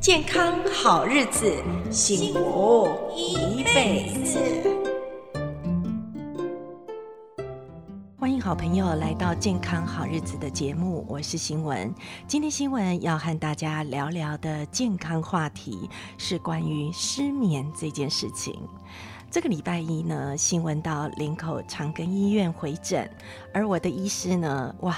健康好日子，幸福一輩子。歡迎好朋友來到《健康好日子》的節目，我是新聞。今天新聞要和大家聊聊的健康話題是關於失眠這件事情。這個禮拜一呢，新聞到林口長庚醫院回診，而我的醫師呢，哇！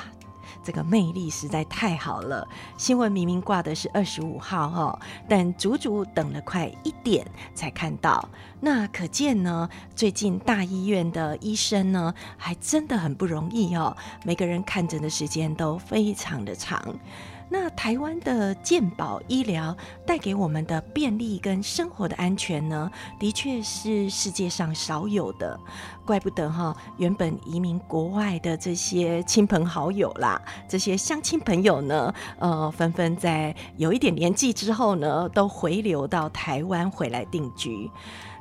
這個魅力實在太好了，新聞明明掛的是二十五號哈、哦，但足足等了快一點才看到。那可見呢，最近大醫院的醫生呢，還真的很不容易哦，每個人看診的時間都非常的長。那台灣的健保醫療帶給我們的便利跟生活的安全呢，的確是世界上少有的，怪不得哈、哦，原本移民國外的這些親朋好友啦，這些鄉親朋友呢，呃，紛紛在有一點年紀之後呢，都回流到台灣回來定居。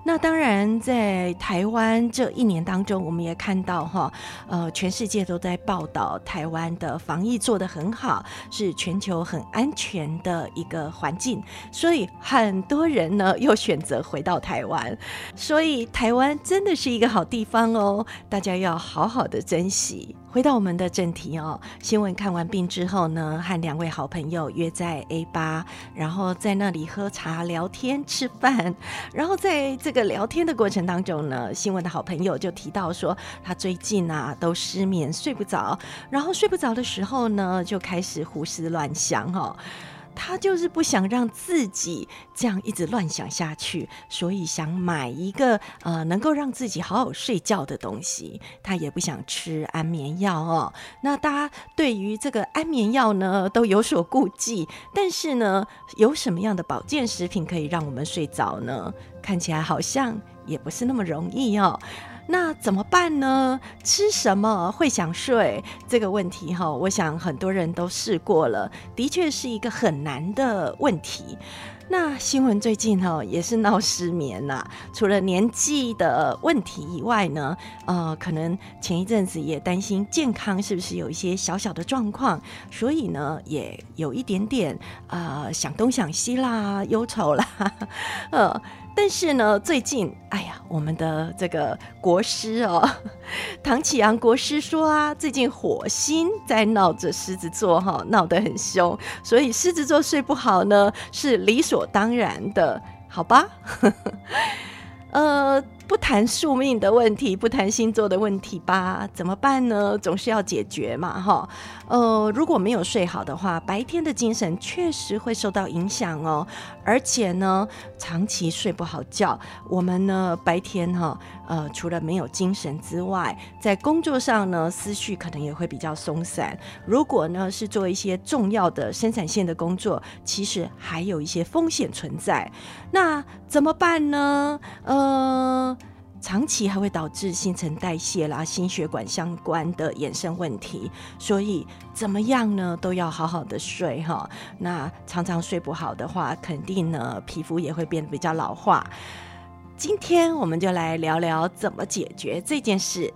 那當然，在台灣這一年當中，我們也看到哈、哦，呃，全世界都在報道台灣的防疫做得很好，是全球很安全的一個環境，所以很多人呢又選擇回到台灣，所以台灣真的是一個好地方哦，大家要好好的珍惜。回到我們的正題哦，新聞看完病之後呢，和兩位好朋友約在 A8，然後在那裡喝茶、聊天、吃飯。然後在這個聊天的過程當中呢，新聞的好朋友就提到說，他最近啊都失眠，睡不着。然後睡不着的時候呢，就開始胡思亂想哈、哦。他就是不想讓自己這樣一直亂想下去，所以想買一個呃，能夠讓自己好好睡覺的東西。他也不想吃安眠藥哦。那大家對於這個安眠藥呢都有所顧忌，但是呢，有什麼樣的保健食品可以讓我們睡着呢？看起來好像也不是那麼容易哦。那怎麼辦呢？吃什麼會想睡這個問題哈、哦，我想很多人都試過了，的確是一個很難的問題。那新聞最近哈、哦、也是鬧失眠啦、啊，除了年紀的問題以外呢，呃，可能前一陣子也擔心健康是不是有一些小小的狀況，所以呢也有一點點啊、呃、想東想西啦，憂愁啦，呵呵呃。但是呢，最近，哎呀，我們的這個國師哦，唐啟陽國師說啊，最近火星在鬧着獅子座哈、哦，鬧得很凶，所以獅子座睡不好呢，是理所當然的，好吧？ 呃，不談宿命的問題，不談星座的問題吧，怎麼辦呢？總是要解決嘛，哈。呃，如果沒有睡好的話，白天的精神確實會受到影響哦、喔。而且呢，長期睡不好覺，我們呢，白天哈。呃，除了沒有精神之外，在工作上呢，思緒可能也會比較鬆散。如果呢是做一些重要的生產線的工作，其實還有一些風險存在。那怎麼辦呢？呃，長期還會導致新陳代謝啦、心血管相關的衍生問題。所以怎麼樣呢？都要好好的睡哈。那常常睡不好的話，肯定呢皮膚也會變得比較老化。今天我們就來聊聊怎麼解決這件事。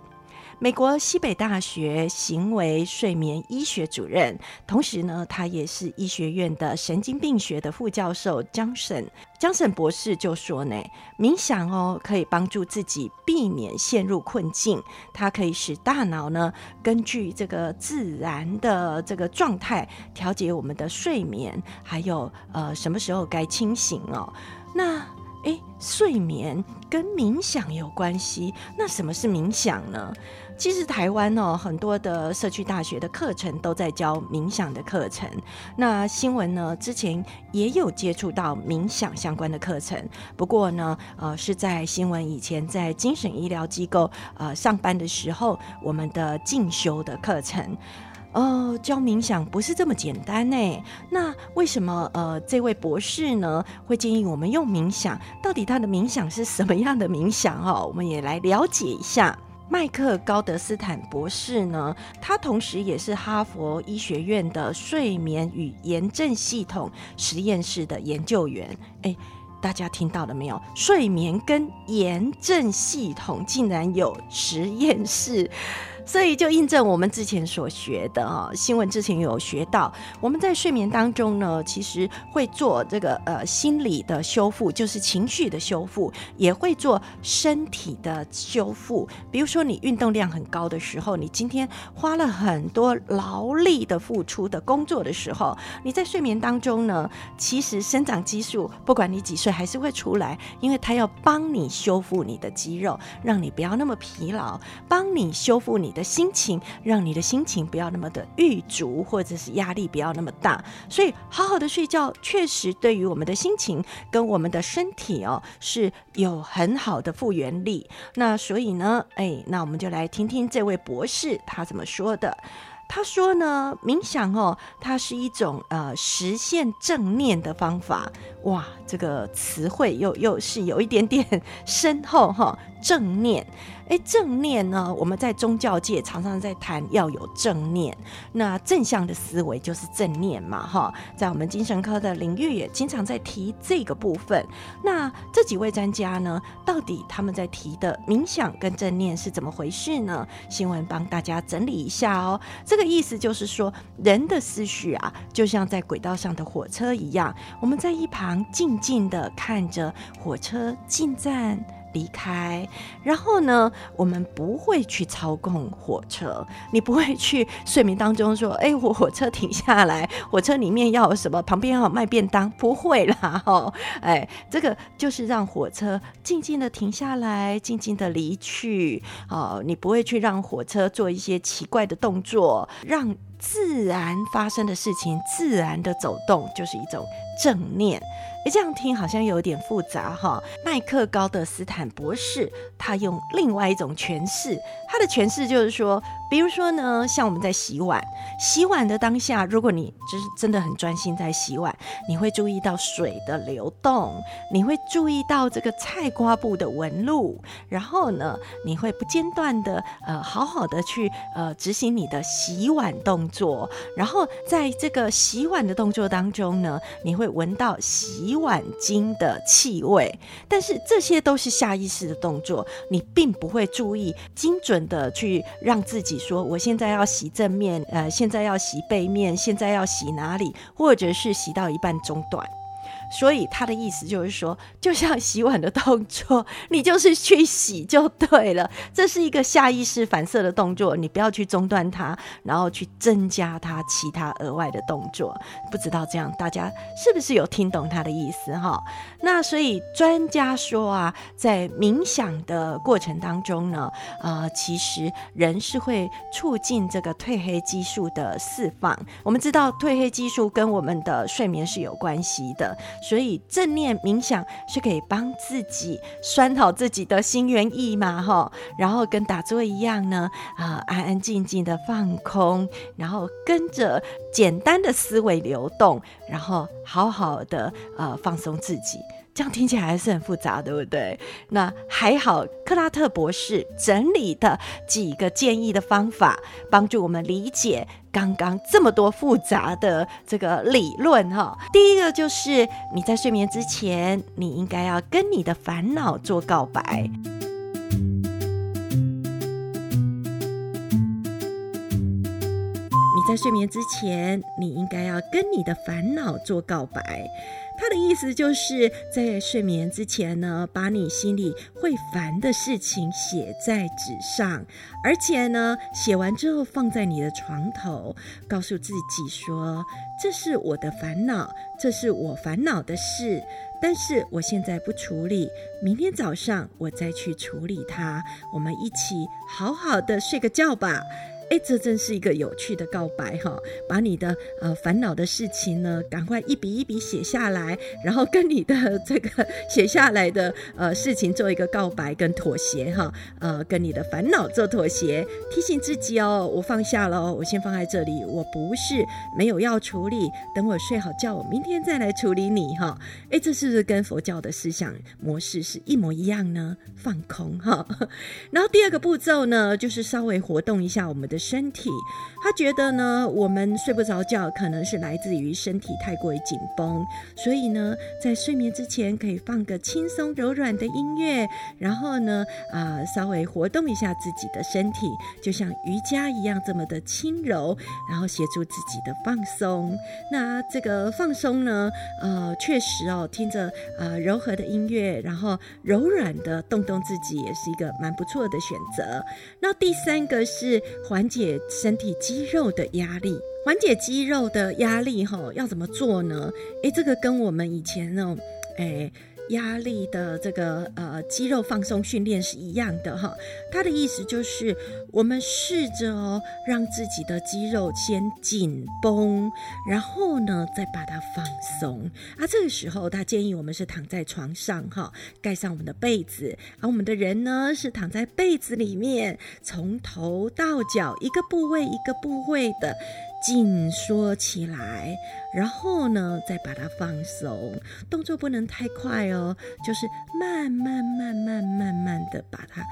美國西北大學行為睡眠醫學主任，同時呢，他也是醫學院的神經病學的副教授 Johnson。Johnson 博士就說呢，冥想哦可以幫助自己避免陷入困境，它可以使大腦呢根據這個自然的這個狀態調節我們的睡眠，還有呃什麼時候該清醒哦。那。誒，睡眠跟冥想有關係。那什麼是冥想呢？其實台灣呢、哦，很多的社區大學的課程都在教冥想的課程。那新聞呢，之前也有接觸到冥想相關的課程。不過呢，呃，是在新聞以前在精神醫療機構呃上班的時候，我們的進修的課程。呃，教冥想不是這麼簡單呢。那為什麼呃，這位博士呢會建議我們用冥想？到底他的冥想是什麼樣的冥想哦？我們也來了解一下。麥克高德斯坦博士呢，他同時也是哈佛醫學院的睡眠與炎症系統實驗室的研究員。哎，大家聽到了沒有？睡眠跟炎症系統竟然有實驗室。所以就印證我們之前所學的啊、哦，新聞之前有學到，我們在睡眠當中呢，其實會做這個呃心理的修復，就是情緒的修復，也會做身體的修復。比如說你運動量很高的時候，你今天花了很多勞力的付出的工作的時候，你在睡眠當中呢，其實生長激素不管你幾歲還是會出來，因為它要幫你修復你的肌肉，讓你不要那麼疲勞，幫你修復你的心情，讓你的心情不要那麼的鬱卒，或者是壓力不要那麼大。所以，好好的睡覺確實對於我們的心情跟我們的身體哦是有很好的復原力。那所以呢，哎，那我們就來聽聽這位博士他怎麼說的。他說呢，冥想哦，它是一種呃實現正念的方法。哇，這個詞彙又又是有一點點深厚哈，正念，哎，正念呢，我們在宗教界常常在談要有正念，那正向的思維就是正念嘛哈，在我們精神科的領域也經常在提這個部分。那這幾位專家呢，到底他們在提的冥想跟正念是怎麼回事呢？新聞幫大家整理一下哦。這個意思就是說，人的思緒啊，就像在軌道上的火車一樣，我們在一旁。靜靜的看着火車進站、離開，然後呢，我們不會去操控火車。你不會去睡眠當中說：“哎，我火車停下來，火車裡面要有什麼，旁邊要有賣便當。”不會啦，哦，哎，這個就是讓火車靜靜的停下來，靜靜的離去。哦，你不會去讓火車做一些奇怪的動作，讓。自然發生的事情，自然的走動，就是一種正念。哎，這樣聽好像有點複雜哈。麥克高德斯坦博士他用另外一種詮釋，他的詮釋就是說。比如說呢，像我們在洗碗，洗碗的當下，如果你就是真的很專心在洗碗，你會注意到水的流動，你會注意到這個菜瓜布的紋路，然後呢，你會不間斷的呃，好好的去呃執行你的洗碗動作，然後在這個洗碗的動作當中呢，你會聞到洗碗精的氣味，但是這些都是下意識的動作，你並不會注意精準的去讓自己。說我現在要洗正面，呃，現在要洗背面，現在要洗哪裡，或者是洗到一半中斷。所以他的意思就是說，就像洗碗的動作，你就是去洗就對了。這是一個下意識反射的動作，你不要去中斷它，然後去增加它其他額外的動作。不知道這樣大家是不是有聽懂他的意思哈？那所以專家說啊，在冥想的過程當中呢，呃，其實人是會促進這個褪黑激素的釋放。我們知道褪黑激素跟我們的睡眠是有關係的。所以正念冥想是可以幫自己拴好自己的心猿意馬，吼，然後跟打坐一樣呢，啊、呃，安安靜靜的放空，然後跟着簡單的思維流動，然後好好的呃放鬆自己。這樣聽起來還是很複雜，對不對？那還好，克拉特博士整理的幾個建議的方法，幫助我們理解。剛剛這麼多複雜的這個理論哈、哦，第一個就是你在睡眠之前，你應該要跟你的煩惱做告白。在睡眠之前，你應該要跟你的煩惱做告白。他的意思就是在睡眠之前呢，把你心裡會煩的事情寫在紙上，而且呢，寫完之後放在你的床頭，告訴自己說：“這是我的煩惱，這是我煩惱的事，但是我現在不處理，明天早上我再去處理它。”我們一起好好的睡個覺吧。哎、欸，這真是一個有趣的告白哈、哦！把你的呃煩惱的事情呢，趕快一筆一筆寫下來，然後跟你的這個寫下來的呃事情做一個告白跟妥協哈、哦。呃，跟你的煩惱做妥協，提醒自己哦，我放下了哦，我先放在這裡，我不是沒有要處理，等我睡好覺，我明天再來處理你哈、哦。哎、欸，這是不是跟佛教的思想模式是一模一樣呢？放空哈。然後第二個步驟呢，就是稍微活動一下我們的。身體，他覺得呢，我們睡不着覺，可能是來自於身體太過於緊繃，所以呢，在睡眠之前可以放個輕鬆柔軟的音樂，然後呢，啊、呃，稍微活動一下自己的身體，就像瑜伽一樣這麼的輕柔，然後協助自己的放鬆。那這個放鬆呢，呃，確實哦，聽着啊、呃、柔和的音樂，然後柔軟的動動自己，也是一個蠻不錯的選擇。那第三個是環。緩解身體肌肉的壓力，緩解肌肉的壓力，吼，要怎麼做呢？哎、欸，這個跟我們以前那種哎。欸壓力的這個呃肌肉放鬆訓練是一樣的哈，它的意思就是我們試着哦讓自己的肌肉先緊繃，然後呢再把它放鬆。啊，這個時候他建議我們是躺在床上哈，蓋上我們的被子，而、啊、我們的人呢是躺在被子裡面，從頭到腳一個部位一個部位的。緊縮起來，然後呢，再把它放鬆。動作不能太快哦，就是慢慢慢慢慢慢的把它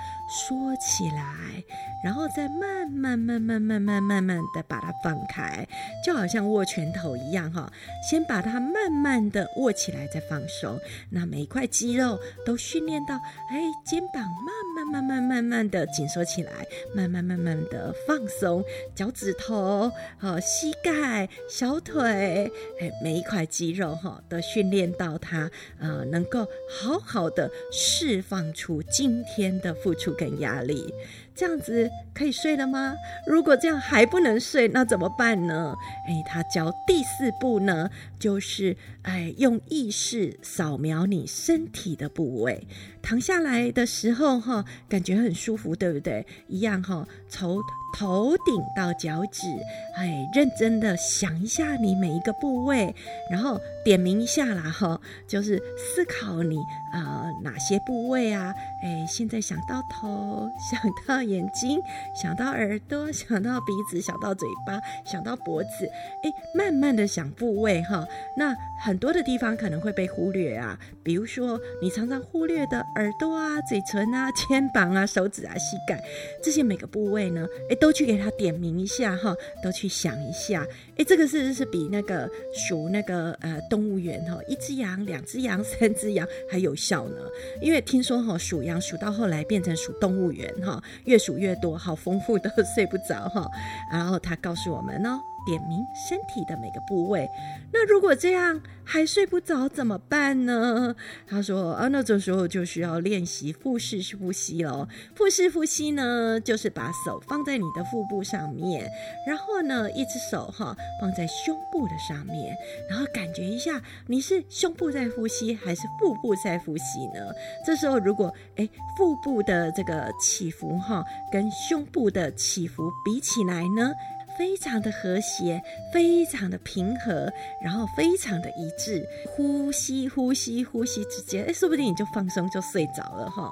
縮起來，然後再慢慢慢慢慢慢慢慢的把它放開，就好像握拳頭一樣哦。先把它慢慢的握起來，再放鬆。那每一塊肌肉都訓練到，哎，肩膀慢慢慢慢慢慢的緊縮起來，慢慢慢慢的放鬆，腳趾頭，哦。膝蓋、小腿，誒，每一塊肌肉哈，都訓練到它，呃，能夠好好的釋放出今天的付出跟壓力。這樣子可以睡了嗎？如果這樣還不能睡，那怎麼辦呢？哎、欸，他教第四步呢，就是哎用意識掃描你身體的部位。躺下來的時候哈，感覺很舒服，對不對？一樣哈，從頭頂到腳趾，哎，認真的想一下你每一個部位，然後。點名一下啦，哈，就是思考你啊、呃、哪些部位啊，哎、欸，現在想到頭，想到眼睛，想到耳朵，想到鼻子，想到嘴巴，想到脖子，哎、欸，慢慢地想部位哈，那很多的地方可能會被忽略啊，比如說你常常忽略的耳朵啊、嘴唇啊、肩膀啊、手指啊、膝蓋，這些每個部位呢，哎、欸，都去給它點名一下哈，都去想一下，哎、欸，這個是不是是比那個數那個呃，動物園哈，一只羊，兩只羊，三只羊，還有效呢？因為聽說哈，數羊數到後來變成數動物園哈，越數越多，好豐富都睡不着哈。然後他告訴我們呢、哦。點名身體的每個部位，那如果這樣還睡不着怎麼辦呢？他說啊，那這時候就需要練習腹式呼吸嘍。腹式呼吸呢，就是把手放在你的腹部上面，然後呢，一隻手哈、哦、放在胸部的上面，然後感覺一下你是胸部在呼吸還是腹部在呼吸呢？這時候如果哎、欸、腹部的這個起伏哈、哦、跟胸部的起伏比起來呢？非常的和諧，非常的平和，然後非常的一致，呼吸，呼吸，呼吸之間，誒說不定你就放鬆就睡着了哈。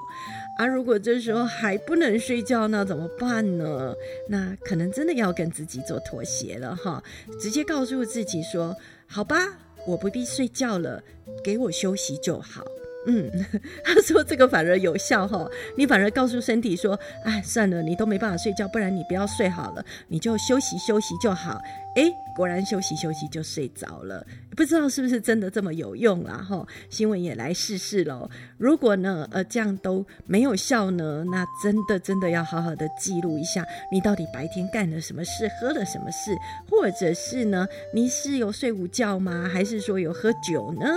啊，如果這時候還不能睡覺，那怎麼辦呢？那可能真的要跟自己做妥協了哈。直接告訴自己說，好吧，我不必睡覺了，給我休息就好。嗯，他說這個反而有效齁，你反而告訴身體說，哎，算了，你都沒辦法睡覺，不然你不要睡好了，你就休息休息就好。哎，果然休息休息就睡着了，不知道是不是真的這麼有用啦？吼，新聞也來試試嘍。如果呢，呃，這樣都沒有效呢，那真的真的要好好的記錄一下，你到底白天幹了什麼事，喝了什麼事，或者是呢，你是有睡午覺嗎？還是說有喝酒呢？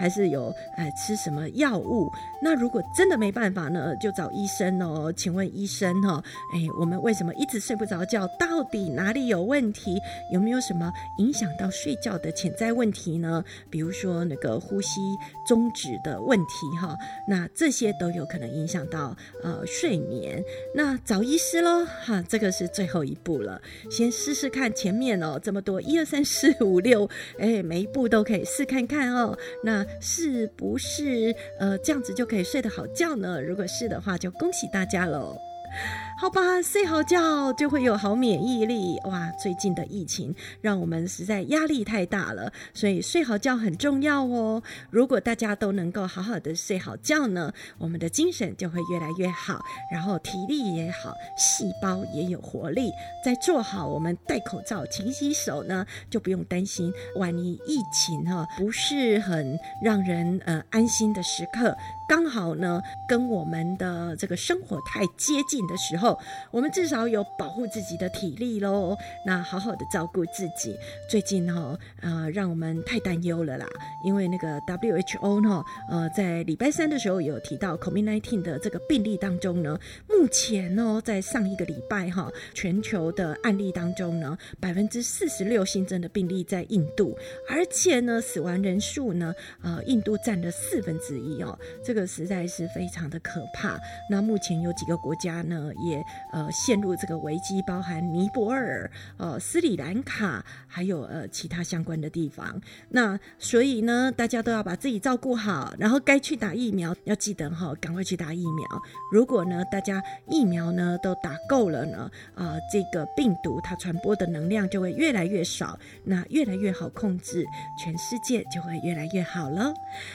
還是有哎，呃，吃什麼藥物？那如果真的沒辦法呢，就找醫生哦。請問醫生哦，哎，我們為什麼一直睡不着覺？到底哪裡有問題？有。有沒有什麼影響到睡覺的潛在問題呢？比如說那個呼吸中止的問題，哈，那這些都有可能影響到呃睡眠。那找醫師咯。哈，這個是最後一步了。先試試看前面哦，這麼多一二三四五六，哎，每一步都可以試看看哦，那是不是呃這樣子就可以睡得好覺呢？如果是的話，就恭喜大家嘍。好吧，睡好覺就會有好免疫力。哇，最近的疫情讓我們實在壓力太大了，所以睡好覺很重要哦。如果大家都能夠好好的睡好覺呢，我們的精神就會越來越好，然後體力也好，細胞也有活力。再做好我們戴口罩、勤洗手呢，就不用擔心萬一疫情哈不是很讓人呃安心的時刻。剛好呢，跟我們的這個生活太接近的時候，我們至少有保護自己的體力嘍。那好好的照顧自己。最近哈、哦，呃，讓我們太擔憂了啦，因為那個 WHO 呢，呃，在禮拜三的時候有提到，COVID-19 的這個病例當中呢，目前呢、哦，在上一個禮拜哈、哦，全球的案例當中呢，百分之四十六新增的病例在印度，而且呢，死亡人數呢，呃，印度占了四分之一哦，這個。這實在是非常的可怕。那目前有幾個國家呢，也呃陷入這個危機，包含尼泊爾、呃斯里蘭卡，還有呃其他相關的地方。那所以呢，大家都要把自己照顧好，然後該去打疫苗，要記得哈、哦，趕快去打疫苗。如果呢，大家疫苗呢都打夠了呢，啊、呃，這個病毒它傳播的能量就會越來越少，那越來越好控制，全世界就會越來越好了。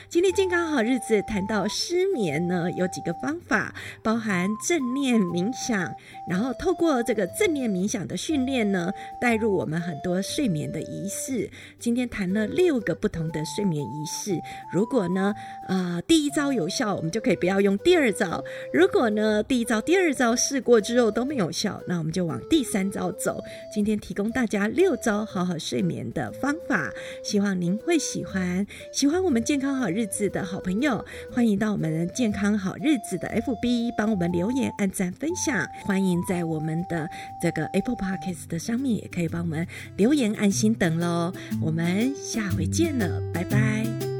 今天健康好日子，談到。失眠呢，有幾個方法，包含正念冥想，然後透過這個正念冥想的訓練呢，帶入我們很多睡眠的儀式。今天談了六個不同的睡眠儀式。如果呢，啊、呃，第一招有效，我們就可以不要用第二招。如果呢，第一招、第二招試過之後都沒有效，那我們就往第三招走。今天提供大家六招好好睡眠的方法，希望您會喜歡。喜歡我們健康好日子的好朋友，歡迎。到我們健康好日子的 FB 幫我們留言、按讚、分享，歡迎在我們的這個 Apple Podcast 的上面也可以幫我們留言、安心等咯，我們下回見了，拜拜。